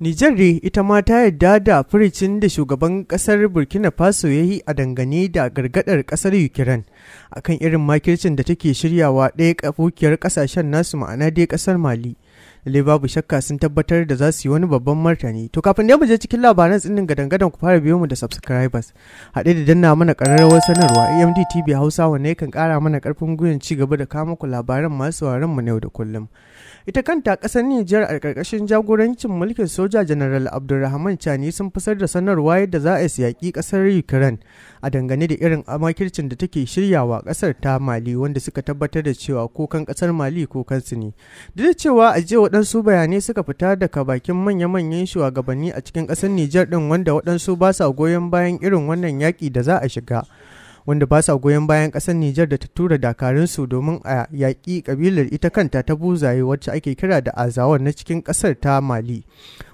Nijar ita ma ta yarda da furicin da shugaban kasar Burkina Faso ya yi a dangane da gargadar kasar Ukraine akan irin makircin da take shiryawa ɗaya kafukiyar kasashen nasu ma'ana dai kasar Mali. Lai babu shakka sun tabbatar da za yi wani babban martani. To kafin da mu je cikin labaran tsinin ga dangadan ku fara biyo mu da subscribers. Haɗe da danna mana ƙararrawar sanarwa AMD TV Hausa wanne kan ƙara mana ƙarfin gwiwar ci gaba da kawo muku labaran masu mu na yau da kullum. ita kanta kasar Nijar a ƙarƙashin jagorancin mulkin soja General Abdulrahman Chani sun fusar da sanarwa yadda za a yi yaƙi ƙasar Ukraine a dangane da irin amakircin da take shiryawa ƙasar ta Mali wanda suka tabbatar da cewa kokan ƙasar Mali kokan su ne. Duk da cewa a jiya waɗansu bayanai suka fita daga bakin manya-manyan shugabanni a cikin ƙasar Nijar ɗin wanda waɗansu ba sa goyon bayan irin wannan yaƙi da za a shiga. wanda ba sa goyon bayan ƙasar Nijar da ta tura dakarunsu domin a yaƙi ƙabilar ita kanta ta buzaye wacce ake kira da azawar na cikin ƙasar ta Mali.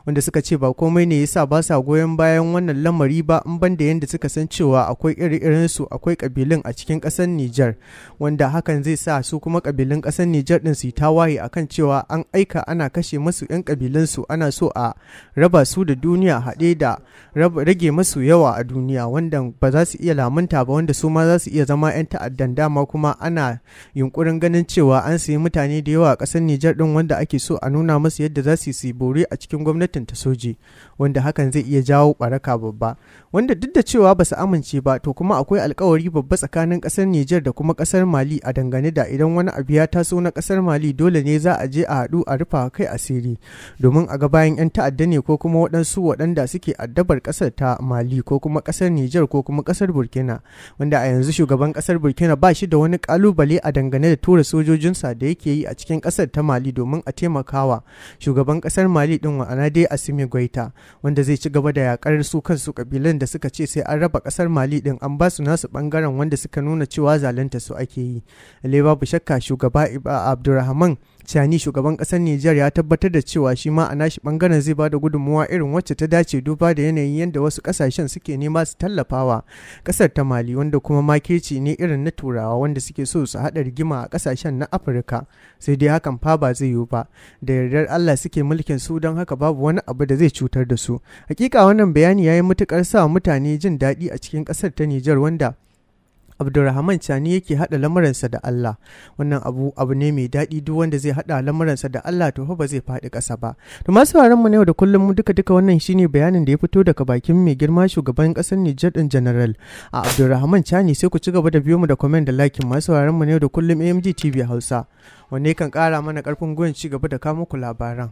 Wanda suka ce ba komai ne yasa ba sa goyon bayan wannan lamari ba in banda yadda suka san cewa akwai iri-irin su akwai ƙabilun a cikin ƙasar Nijar wanda hakan zai sa su kuma ƙabilun ƙasar Nijar ɗin su yi tawaye akan cewa an aika ana kashe masu 'yan ƙabilun su ana so a raba su da duniya haɗe da rage masu yawa a duniya wanda ba za su iya lamunta ba wanda su su ma za su iya zama 'yan ta'addan dama kuma ana yunkurin ganin cewa an sayi mutane da yawa a ƙasar Nijar ɗin wanda ake so a nuna musu yadda za su yi bore a cikin gwamnatin ta soji wanda hakan zai iya jawo ɓaraka babba wanda duk da cewa ba su amince ba to kuma akwai alkawari babba tsakanin ƙasar Nijar da kuma ƙasar Mali a dangane da idan wani abu ya taso na ƙasar Mali dole ne za a je a haɗu a rufa kai asiri domin a ga bayan 'yan ta'adda ne ko kuma waɗansu waɗanda suke addabar ƙasar ta Mali ko kuma ƙasar Nijar ko kuma ƙasar Burkina wanda inda a yanzu shugaban kasar burkina ba shi da wani kalubale a dangane da tura sojojinsa da yake yi a cikin kasar ta mali domin a taimakawa shugaban kasar mali din wa'ana dai asimi gwaita wanda zai ci gaba da yakar su kansu kabilan da suka ce sai an raba kasar mali din an ba su nasu bangaren wanda suka nuna cewa zalunta su ake yi lai babu shakka shugaba abdulrahman Cani shugaban kasar Nijar ya tabbatar da cewa shi ma a nashi bangaren zai ba da gudunmuwa irin wacce ta dace duba da yanayin yadda wasu kasashen suke nema su tallafawa kasar ta Mali wanda da kuma makirci ne irin na turawa wanda suke so su haɗa rigima a ƙasashen na afirka sai dai hakan fa ba zai yiwu ba da yardar allah suke mulkin su don haka babu wani abu da zai cutar da su hakika wannan bayani ya yi matuƙar sa mutane jin daɗi a cikin ƙasar ta nijar wanda Abdulrahman Chani yake haɗa lamuransa da Allah wannan abu abu ne mai daɗi duk wanda zai haɗa lamuransa da Allah to ba zai faɗi kasa ba to masu sauraron mu ne da kullum duka duka wannan shine bayanin da ya fito daga bakin mai girma shugaban ƙasar Nijar din General a Abdulrahman Chani sai ku ci gaba da biyo mu da comment da like masu sauraron mu ne da kullum AMG TV Hausa wanne kan kara mana karfin gwiwa ci gaba da kawo muku labaran